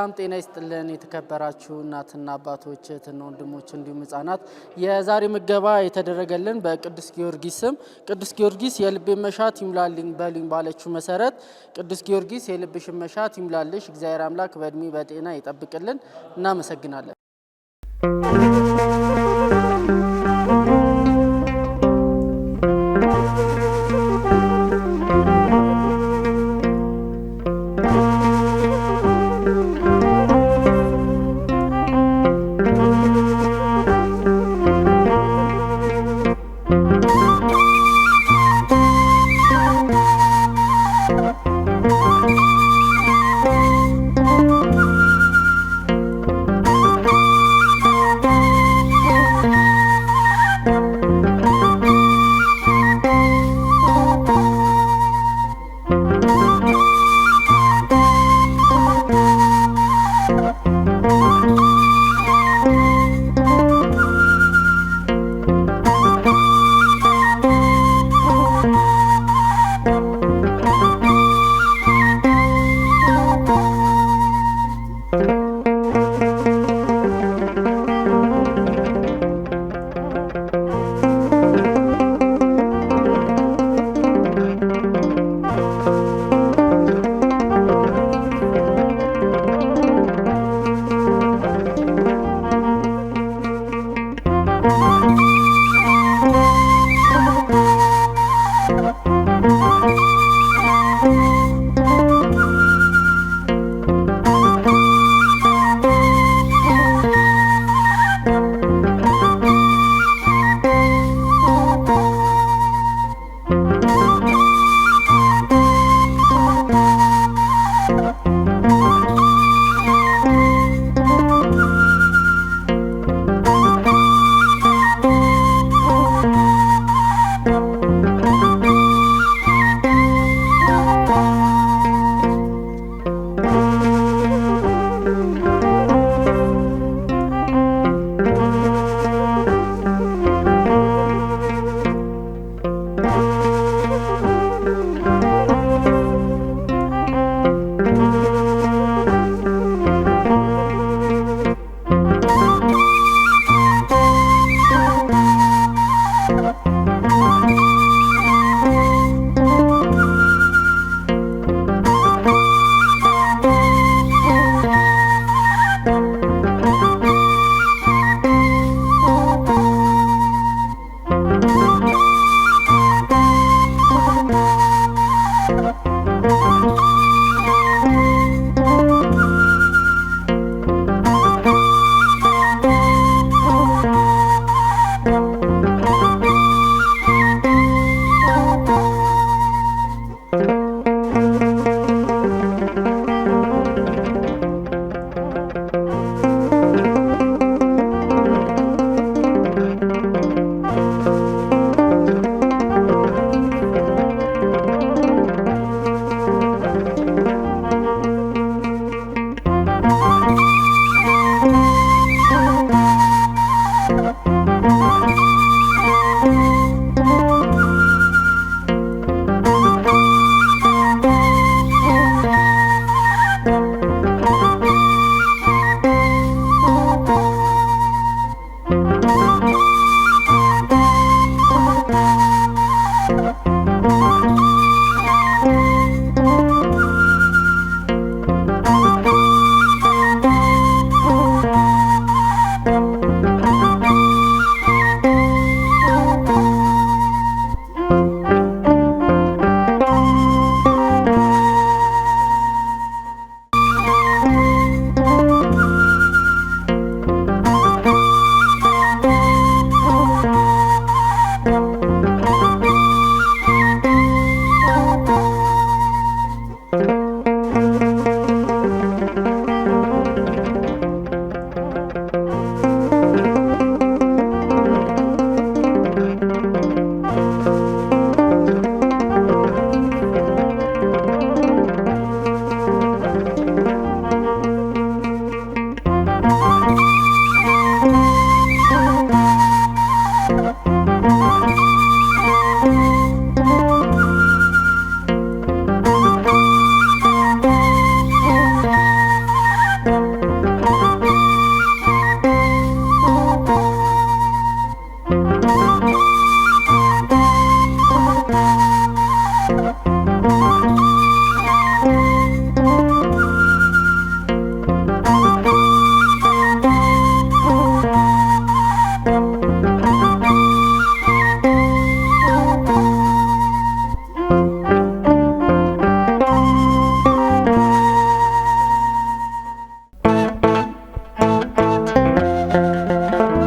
ሰላም ጤና ይስጥልን የተከበራችሁ እናትና አባቶች እህትና ወንድሞች እንዲሁም ህጻናት የዛሬ ምገባ የተደረገልን በቅዱስ ጊዮርጊስ ስም ቅዱስ ጊዮርጊስ የልቤን መሻት ይሙላልኝ በሉኝ ባለችው መሰረት ቅዱስ ጊዮርጊስ የልብሽን መሻት ይሙላልሽ እግዚአብሔር አምላክ በእድሜ በጤና ይጠብቅልን እናመሰግናለን